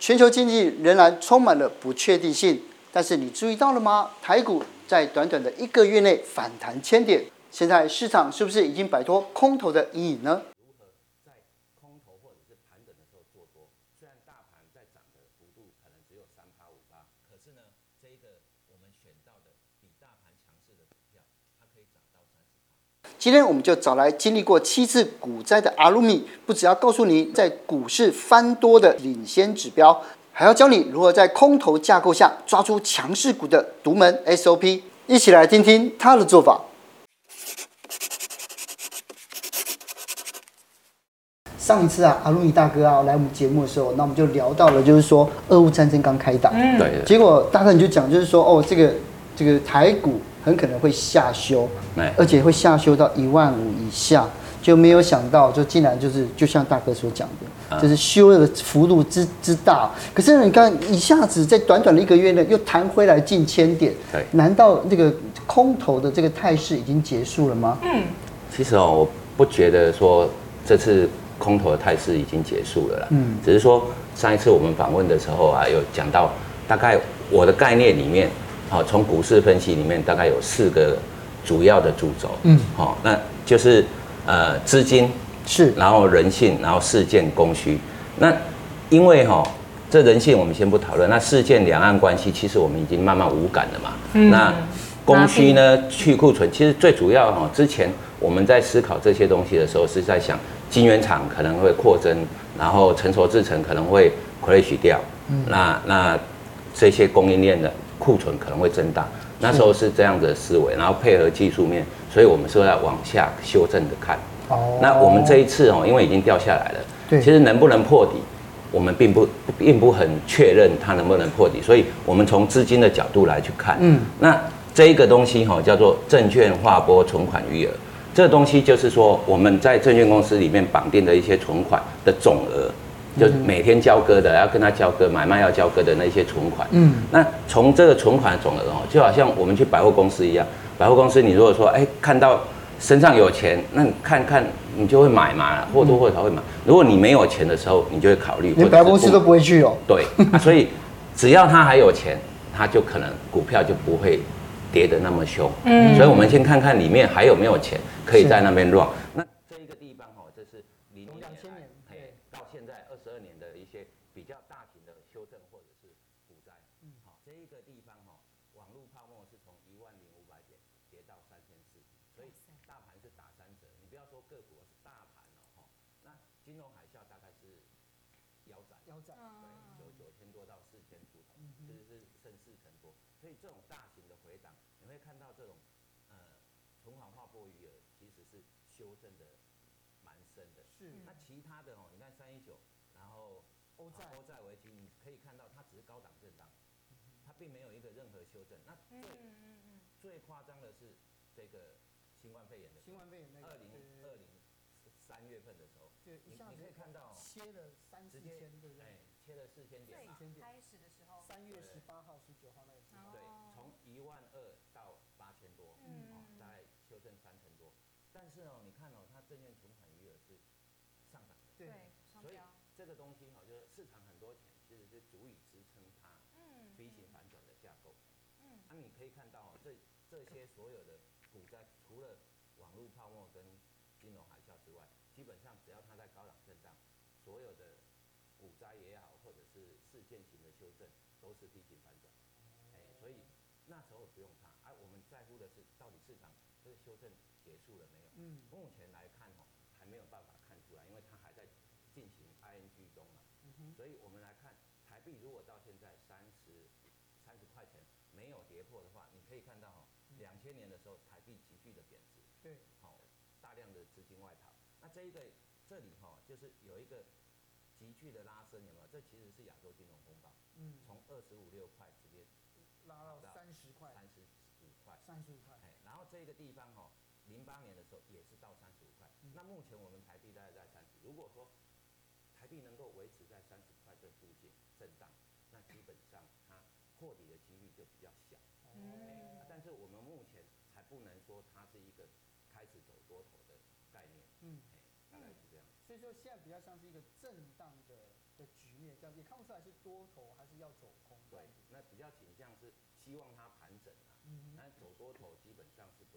全球經濟仍然充滿了不確定性，但是你注意到了嗎？台股在短短的一個月內反彈千點，現在市場是不是已經擺脫空頭的陰影呢？今天我們就找來經歷過七次股災的阿魯米，不只要告訴你在股市翻多的領先指標，還要教你如何在空頭架構下抓出強勢股的獨門 SOP，一起來聽聽他的做法。上一次啊，阿魯米大哥啊來我們節目的時候，那我們就聊到了，就是說俄烏戰爭剛剛開打，對、嗯，的結果大哥你就講，就是說哦這個。這個台股很可能會下修，嗯、而且會下修到一萬五以下，就沒有想到，就竟然就是就像大哥所講的，嗯、就是修的幅度之之大。可是你看一下子在短短的一個月內又彈回來近千點，對難道這個空頭的這個態勢已經結束了嗎？嗯，其實哦、喔，我不覺得說這次空頭的態勢已經結束了啦，嗯，只是說上一次我們訪問的時候啊，有講到大概我的概念裡面。好，從股市分析裡面大概有四個主要的主軸，嗯，好、哦，那就是呃資金是，然後人性，然後事件供需。那因為哈、哦、這人性我們先不討論，那事件兩岸關係其實我們已經慢慢無感了嘛，嗯，那供需呢是去庫存，其實最主要哈、哦，之前我們在思考這些東西的時候是在想晶圓廠可能會擴增，然後成熟製程可能會 crash 掉，嗯、那那這些供應鏈的。庫存可能會增大，那時候是這樣的思維，然後配合技術面，所以我們是在往下修正的看。哦，那我們這一次喔，因為已經掉下來了，對其實能不能破底，我們並不並不很確認它能不能破底，所以我們從資金的角度來去看。嗯，那這個東西哈，叫做證券劃撥存款餘額，這個東西就是說我們在證券公司裡面綁定的一些存款的總額。就每天交割的，要跟他交割買賣要交割的那些存款。嗯，那從這個存款的總額哦，就好像我們去百貨公司一樣，百貨公司你如果說哎、欸、看到身上有錢，那你看看你就會買嘛，或多或少會買。嗯、如果你沒有錢的時候，你就會考慮。我百貨公司都不會去哦。對、 啊，所以只要他還有錢，他就可能股票就不會跌得那麼凶。嗯，所以我們先看看裡面還有沒有錢可以在那邊亂。是那這一個地方哦，這是零兩千年賠到現在。修正的蠻深的，是。那其他的哦，你看三一九，然後歐債、歐債危機，你可以看到它只是高檔震盪，它並沒有一個任何修正。那最最誇張的是這個新冠肺炎的，新冠肺炎那個二零二零三月份的時候，你你可以看到切了三四千，對不對？切了四千點。四千點。開始的時候，三月十八號、十九號那個時候。對，從一萬二到八千多，嗯，大概修正三成。但是哦，你看哦，它證券存款餘額是上漲的，對，所以這個東西哈、哦，就是市場很多錢，其實是足以支撐它嗯，V 型反轉的架構嗯，那、嗯啊、你可以看到哦，這這些所有的股災，除了網絡泡沫跟金融海嘯之外，基本上只要它在高檔震盪，所有的股災也好，或者是事件型的修正，都是 V 型反轉，嗯、哎，所以那時候不用怕，哎、啊，我們在乎的是到底市場這個修正。結束了沒有？嗯、目前來看吼、哦，還沒有辦法看出來，因為它還在進行 ing 中、嗯、哼所以我們來看，台幣如果到現在三十三十塊錢沒有跌破的話，你可以看到吼、哦，兩千年的時候、嗯、台幣急劇的貶值對、哦，大量的資金外逃。那這一個這裡吼、哦，就是有一個急劇的拉升，你有沒有？這其實是亞洲金融風暴，嗯，從二十五六塊直接拉到三十塊，三十五塊，三十塊。塊塊哎，然後這一個地方吼、哦。零八年的時候也是到三十五塊，嗯、那目前我們台幣大概在三十，如果說台幣能夠維持在三十塊這附近震盪，那基本上它破底的幾率就比較小。嗯嗯、但是我們目前還不能說它是一個開始走多頭的概念。嗯，大概是這樣。所以說現在比較像是一個震盪的的局面，這樣子也看不出來是多頭還是要走空的。對，那比較傾向是希望它盤整啊，但是、嗯、走多頭基本上是。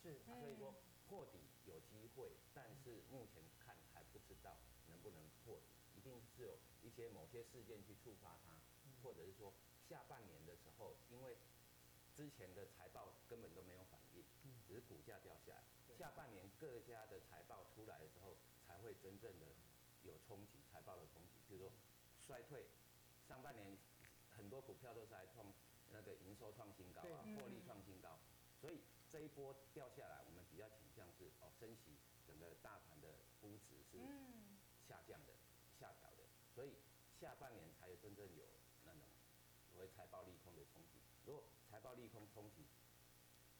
是，所以說破底有機會，但是目前看還不知道能不能破底，一定是有一些某些事件去觸發它，嗯、或者是說下半年的時候，因為之前的財報根本都沒有反應，嗯、只是股價掉下來，對下半年各家的財報出來的時候，才會真正的有衝擊，財報的衝擊，就是說衰退，上半年很多股票都是在創那個營收創新高啊，獲利創新高，所以。這一波掉下來，我們比較傾向是哦，升息整個大盤的估值是下降的，嗯、下調的，所以下半年才有真正有那種所謂財報利空的衝擊。如果財報利空衝擊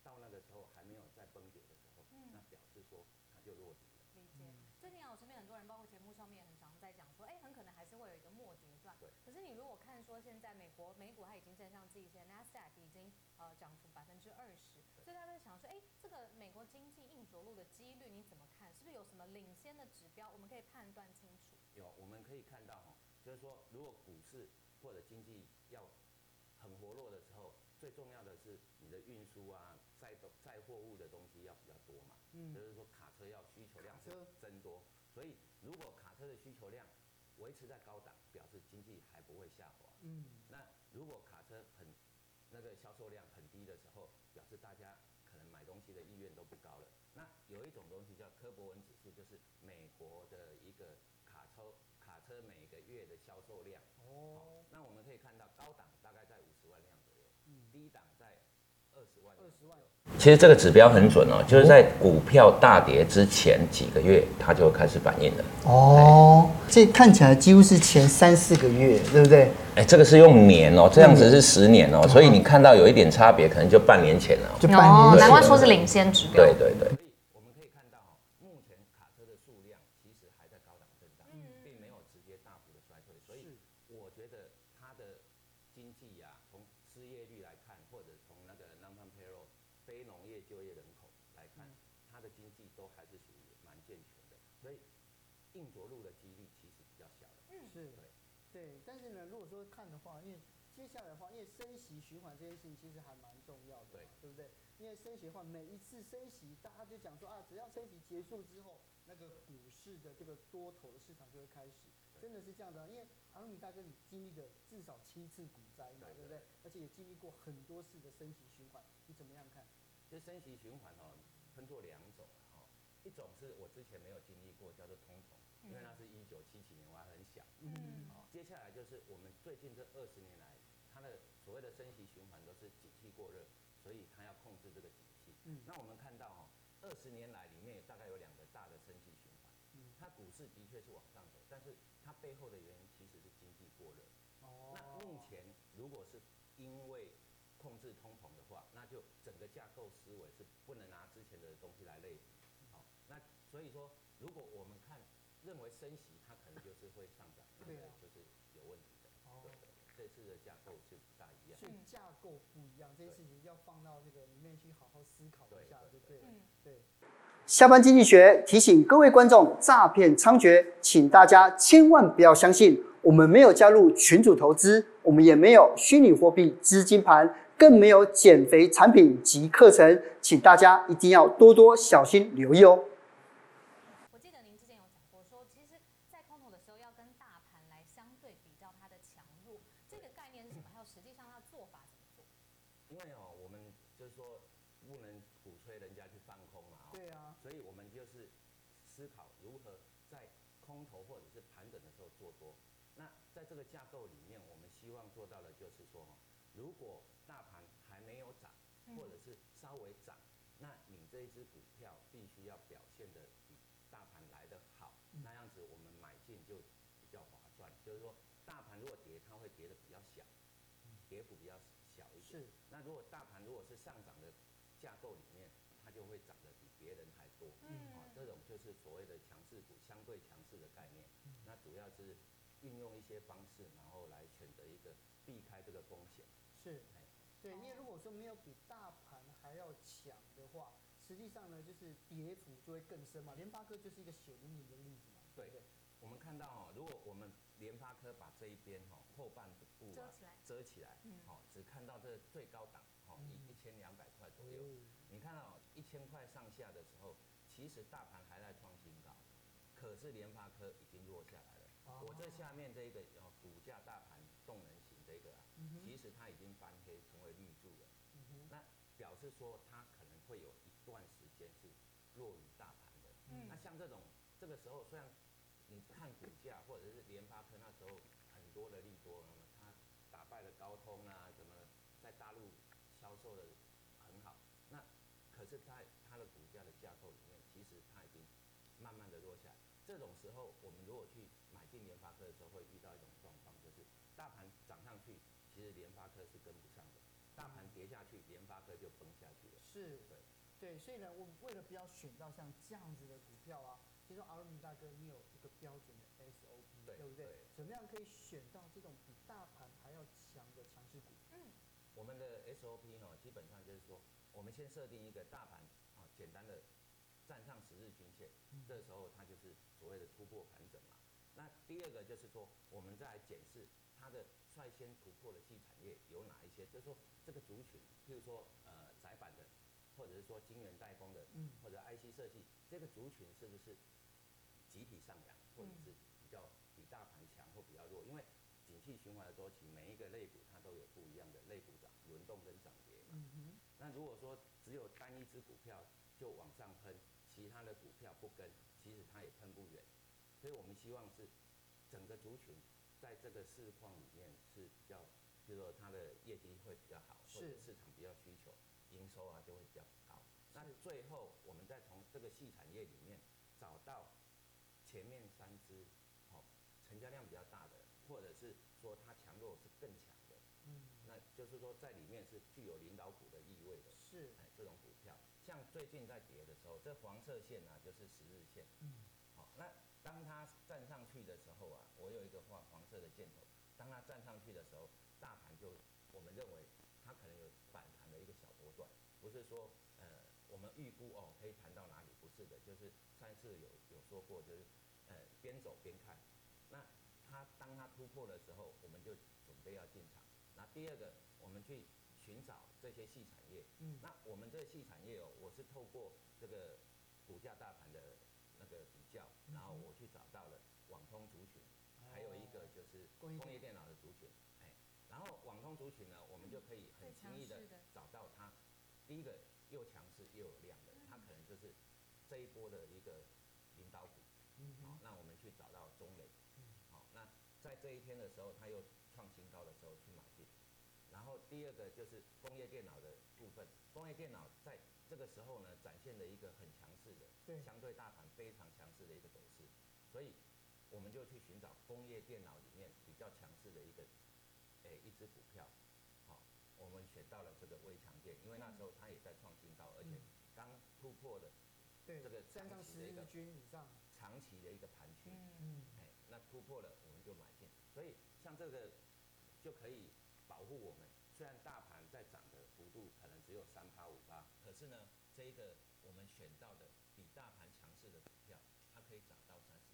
到那個時候還沒有再崩跌的時候，嗯、那表示說它就落底了。理解。最近啊，我身邊很多人，包括節目上面，很常在講說，哎、欸，很可能還是會有一個末階段。對。可是你如果看說現在美國美股它已經站上這一線，美國經濟硬着陸的幾率你怎麼看？是不是有什麼領先的指標我們可以判斷清楚？有，我們可以看到哈、哦，就是說，如果股市或者經濟要很活絡的時候，最重要的是你的運輸啊、載載貨物的東西要比較多嘛。嗯。就是說，卡車要需求量是增多。增多車。所以，如果卡車的需求量維持在高檔，表示經濟還不會下滑。嗯。那如果卡車很那個銷售量很低的時候，表示大家。東西的意願都不高了。那有一種東西叫柯博文指數，就是美國的一個卡車，卡車每個月的銷售量。哦，那我們可以看到，高檔大概在五十萬輛左右，低檔，嗯。二十萬，二十萬。其實這個指標很準哦，就是在股票大跌之前幾個月，它就開始反應了。哦，這看起來幾乎是前三四個月，對不對？哎，這個是用年哦，這樣子是十年哦，嗯，所以你看到有一點差別，可能就半年前了，就半年，難怪說是領先指標。對對對。其實還蠻重要的，對，對不對？因為升息的話，每一次升息，大家就講說，啊，只要升息結束之後，那個股市的這個多頭的市場就會開始，對真的是這樣的？啊？因為阿魯米大哥，你經歷了至少七次股災嘛，對，對，對不對？而且也經歷過很多次的升息循環，你怎麼樣看？其實升息循環哦，分作兩種，哦、一種是我之前沒有經歷過，叫做通膨，因為那是一九七七年我還很小，嗯，好、哦，接下來就是我們最近這二十年來，它的，那個。所謂的升息循環都是景氣過熱，所以它要控制這個景氣。嗯，那我們看到哈、哦，二十年來裡面大概有兩個大的升息循環。嗯，它股市的確是往上走，但是它背後的原因其實是經濟過熱。哦。那目前，如果是因為控制通膨的話，那就整個架構思維是不能拿之前的東西來類比。好、哦，那所以說，如果我們看認為升息，它可能就是會上漲，可能就是有問題。這個架構是不一樣，就架構不一樣，這件事情要放到這個裡面去好好思考一下對，對不對？對。對對嗯、對下班經濟學提醒各位觀眾：詐騙猖獗，請大家千萬不要相信。我們沒有加入群組投資，我們也沒有虛擬貨幣資金盤，更沒有減肥產品及課程，請大家一定要多多小心留意哦。我記得您之前有講過說，說其實在空頭的時候要跟大盤來相對比較它的強弱。這個概念是什麼？還有實際上它的做法怎麼做？因為哦，我們就是說不能鼓吹人家去放空嘛、哦，對啊。所以我們就是思考如何在空頭或者是盤整的時候做多。那在這個架構裡面，我們希望做到的就是說、哦，如果大盤還沒有漲，或者是稍微漲，那你這一隻股票必須要表現得比大盤來得好，那樣子我們買進就比較划算。就是說。大盤如果跌，它會跌的比較小，跌幅比較小一些。是那如果大盤如果是上漲的架構裡面，它就會漲得比別人還多。嗯，啊、哦，這種就是所謂的強勢股，相對強勢的概念。嗯、那主要是運用一些方式，然後來選擇一個避開這個風險。是，對，對，因為如果說沒有比大盤還要強的話，實際上呢，就是跌幅就會更深嘛。聯發科就是一個血淋淋的例子嘛。對，對我們看到、哦，如果我們。聯發科把這一邊吼、哦、後半部啊遮起來，好、嗯、只看到這最高檔、哦，好、嗯、以一千兩百塊左右。嗯、你看到一千塊上下的時候，其實大盤還在創新高，可是聯發科已經落下來了。哦、我這下面這一個叫、哦、股價大盤動能型這個、啊，嗯、哼其實它已經翻黑成為綠柱了。嗯、哼那表示說它可能會有一段時間是落於大盤的。嗯、那像這種這個時候雖然。你看股價，或者是聯發科那時候很多的利多，嗯，它打敗了高通啊，怎麼在大陸銷售得很好？那可是在它的股價的架構裡面，其實它已經慢慢的落下來。這種時候，我們如果去買進聯發科的時候，會遇到一種狀況，就是大盤漲上去，其實聯發科是跟不上的；大盤跌下去，聯發科就崩下去了。是，對，對，所以呢，我們為了不要選到像這樣子的股票啊。其實，阿魯米大哥，你有一個標準的 SOP，對不對？對對，怎麼樣可以選到這種比大盤還要強的強勢股？嗯，我們的 SOP 呢、哦，基本上就是說，我們先設定一個大盤啊、哦，簡單的站上十日均線，嗯、這時候它就是所謂的突破盤整嘛。那第二個就是說，我們再來檢視它的率先突破的細產業有哪一些，就是說這個族群，譬如說呃，載板、的，或者是說晶圓代工的，嗯，或者 IC 設計，這個族群是不是？集體上揚，或者是比較比大盤強或比較弱，因為景氣循環的週期，其實每一個類股它都有不一樣的類股漲輪動跟漲跌嘛。嗯、哼那如果說只有單一隻股票就往上噴，其他的股票不跟，其實它也噴不遠。所以我們希望是整個族群在這個市況裡面是比較，就是說它的業績會比較好，是或者市場比較需求，營收啊就會比較高。但是那最後我們再從這個細產業裡面找到。前面三支，好、哦，成交量比較大的，或者是說它強弱是更強的，嗯，那就是說在裡面是具有領導股的意味的，是，哎，這種股票，像最近在跌的時候，這黃色線呢、啊、就是十日線，嗯，好、哦，那當它站上去的時候啊，我有一個黃黃色的箭頭，當它站上去的時候，大盤就我們認為它可能有反彈的一個小波段，不是說呃我們預估哦可以彈到哪裡，不是的，就是上次有有說過就是。邊走邊看，那他當他突破的時候，我們就準備要進場。那第二個，我們去尋找這些細產業。嗯。那我們這個細產業哦，我是透過這個股價大盤的那個比較，然後我去找到了網通族群，哦、還有一個就是工業電腦的族群，哎。然後網通族群呢，我們就可以很輕易的找到它。第一個又強勢又有量的，它可能就是這一波的一個領導股。好、哦，那我們去找到中磊。好、哦，那在這一天的時候，他又創新高的時候去買進。然後第二個就是工業電腦的部分，工業電腦在這個時候呢，展現了一個很強勢的，對，相對大盤非常強勢的一個走勢。所以我們就去尋找工業電腦裡面比較強勢的一個，哎、欸，一支股票。好、哦，我們選到了這個微強電，因為那時候它也在創新高，嗯、而且剛突破的。對。這個站上十日均以上，長期的一個盤區，嗯嗯，那突破了我們就買進。所以像這個就可以保護我們。雖然大盤在漲的幅度可能只有三趴、五趴，可是呢，這一個我們選到的比大盤強勢的股票，它可以漲到三十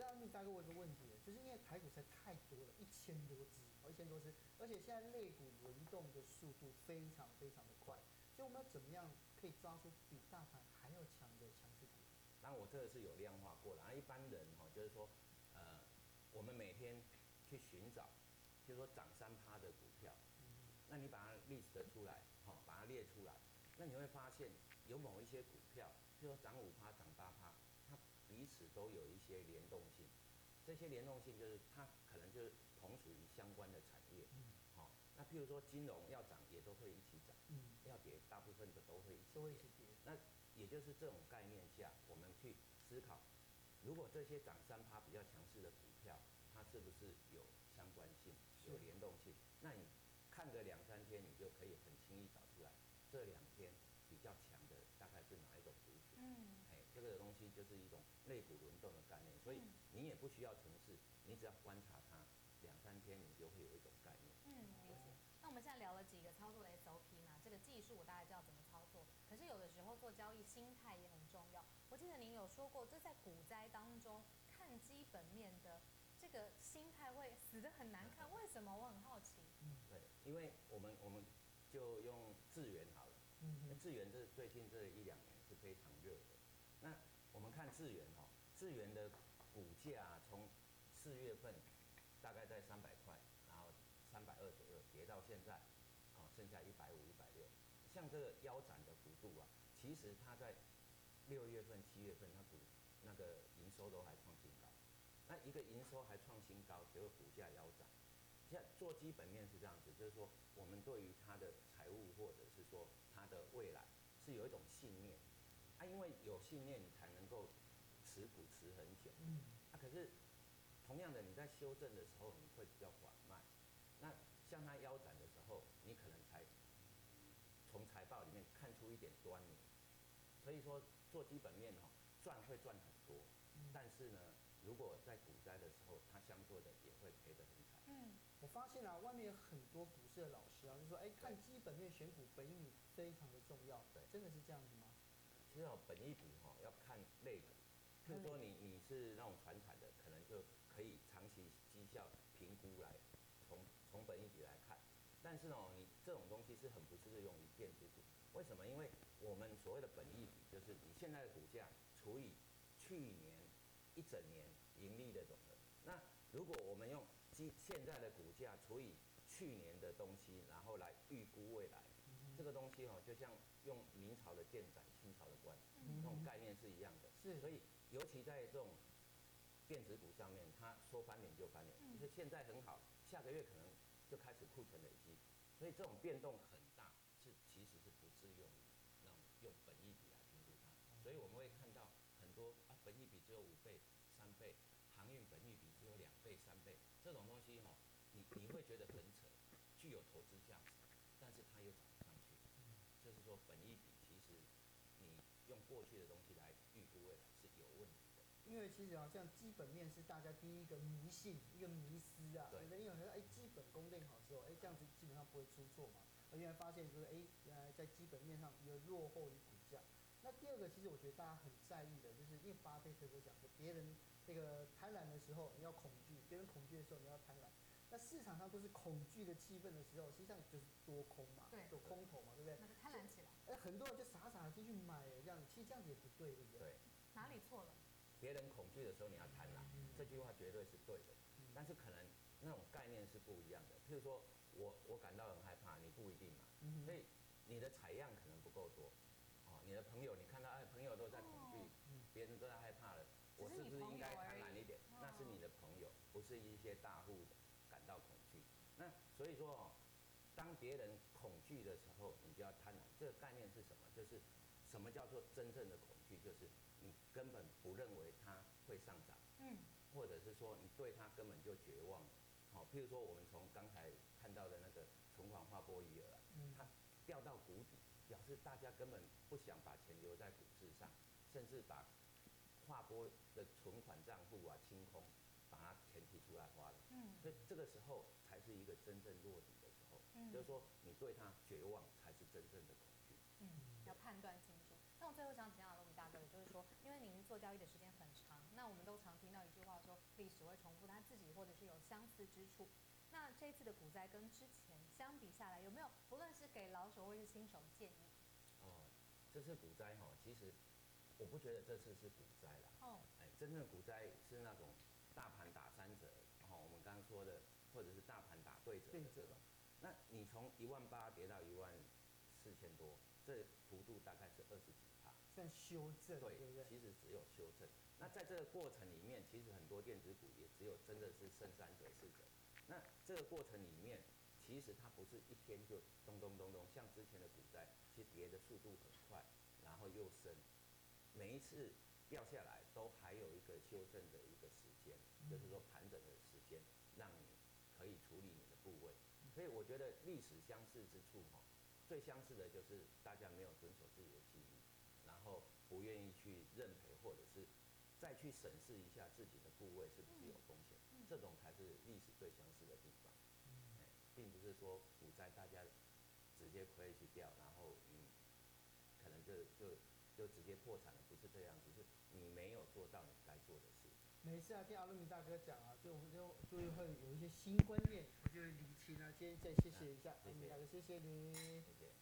趴。阿魯米大哥，我有一個問題，就是因為台股現太多了，一千多隻，哦，一千多隻，而且現在類股輪動的速度非常非常的快，所以我們要怎麼樣？可以抓出比大盤還要強的強勢股。那我這個是有量化過的，那一般人哈，就是說，呃，我們每天去尋找，就是說漲三趴的股票，嗯、那你把它 list 出來，哈，把它列出來，那你會發現有某一些股票，嗯、譬如說漲五趴、漲八趴，它彼此都有一些聯動性。這些聯動性就是它可能就是同屬於相關的產業，好、嗯，那譬如說金融要漲，也都會一起漲。要跌，大部分的都會一起，都會跌。是那也就是這種概念下，我們去思考，如果這些漲三趴比較強勢的股票，它是不是有相關性，有聯動性？是那你看個兩三天，你就可以很輕易找出來，這兩天比較強的大概是哪一種股票？嗯，哎，這個東西就是一種類股輪動的概念，所以你也不需要程式，你只要觀察它兩三天，你就會有一種概念。嗯、就是嗯，那我們現在聊了幾個操作的手。這個技術我大概知道怎麼操作，可是有的時候做交易心態也很重要。我記得您有說過，這在股災當中看基本面的這個心態會死得很難看，為什麼？我很好奇。嗯，對，因為我們我們就用智元好了。嗯，那智元這最近這一兩年是非常熱的。那我們看智元哈、哦，智元的股價從四月份。剩下一百五、一百六，像這個腰斬的幅度啊，其實它在六月份、七月份他，它股那個營收都還創新高，那一個營收還創新高，只有股價腰斬，像做基本面是這樣子，就是說我們對於它的財務或者是說它的未來是有一種信念，啊，因為有信念你才能夠持股持很久，嗯、啊，可是同樣的你在修正的時候你會比較緩慢，那像它腰斬。有一點端倪，所以說做基本面哈、哦、賺會賺很多，但是呢，如果在股災的時候，它相對的也會賠得很慘。嗯，我發現啊，外面有很多股市的老師啊，就說哎、欸，看基本面選股，本益非常的重要。對，真的是這樣子嗎？其實哦，本益比哈、哦、要看類股，就是說你你是那種傳產的，可能就可以長期績效評估來從從本益比來看，但是呢、哦，你這種東西是很不適用於電子股。為什麼？因為我們所謂的本益比就是你現在的股價除以去年一整年盈利的總和。那如果我們用基現在的股價除以去年的東西，然後來預估未來，嗯嗯這個東西哦，就像用明朝的劍斬、清朝的官，這、嗯嗯、種概念是一樣的。是，所以尤其在這種電子股上面，它說翻臉就翻臉。你、嗯、是現在很好，下個月可能就開始庫存累積，所以這種變動。很。所以我們會看到很多啊，本益比只有五倍、三倍，航運本益比只有兩倍、三倍，這種東西哈、哦，你你會覺得很扯，具有投資價值，但是它又漲不上去，就是說本益比其實你用過去的東西來預估未來是有問題的。因為其實好像基本面是大家第一個迷信一個迷思啊，對有人說哎、欸，基本功練好之後，哎、欸、這樣子基本上不會出錯嘛，而原來發現就是哎原來在基本面上個落後於。那第二個，其實我覺得大家很在意的，就是因為巴菲特就講說別人那個貪婪的時候你要恐懼，別人恐懼的時候你要貪婪。那市場上都是恐懼的氣氛的時候，實際上就是多空嘛，對，做空頭嘛，對不對？對那就、個、貪婪起來、欸，很多人就傻傻的就去買這樣，其實這樣子也不對，對不對？對。哪裡錯了？別人恐懼的時候你要貪婪，嗯哼嗯哼這句話絕對是對的，嗯、哼但是可能那種概念是不一樣的。譬如說我，我我感到很害怕，你不一定嘛，所以你的採樣可能不夠多。朋友，你看到哎，朋友都在恐懼，別人都在害怕了，我是不是應該貪婪一點？那是你的朋友，不是一些大戶感到恐懼。那所以說、哦，當別人恐懼的時候，你就要貪婪。這個概念是什麼？就是什麼叫做真正的恐懼？就是你根本不認為它會上漲，嗯，或者是說你對它根本就絕望。好，譬如說我們從剛才看到的那個存款劃撥餘額，它掉到谷底，表示大家根本。不想把錢留在股市上，甚至把劃撥的存款賬戶啊清空，把它全提出來花了。嗯，所以這個時候才是一個真正落底的時候。嗯，就是說你對他絕望才是真正的恐懼。嗯，要判斷清楚。那我最後想請教阿魯米大哥，也就是說，因為您做交易的時間很長，那我們都常聽到一句話說歷史會重複，他自己或者是有相似之處。那這一次的股災跟之前相比下來，有沒有不論是給老手或是新手建議？這次股災吼、哦，其實我不覺得這次是股災啦。哦、oh. 哎。真正的股災是那種大盤打三折，吼、哦，我們剛剛說的，或者是大盤打對折對，那你從一萬八跌到一萬四千多，這幅度大概是二十幾趴。在修正。對，對對，其實只有修正。那在這個過程裡面，其實很多電子股也只有真的是剩三折四折。那這個過程裡面。其實它不是一天就咚咚咚咚，像之前的股災，其實跌的速度很快，然後又升，每一次掉下來都還有一個修正的一個時間，就是說盤整的時間，讓你可以處理你的部位。所以我覺得歷史相似之處嘛、哦，最相似的就是大家沒有遵守自己的紀律，然後不願意去認賠，或者是再去審視一下自己的部位是不是有風險，這種才是歷史最相似的地方。並不是說股災大家直接虧起掉，然後你、嗯、可能就就就直接破產了，不是這樣子，是你沒有做到你該做的事。沒事啊，聽阿魯米大哥講啊，就我們就就會有一些新觀念，我就是理清了。今天再謝謝一下阿米，謝謝，謝謝你，謝謝。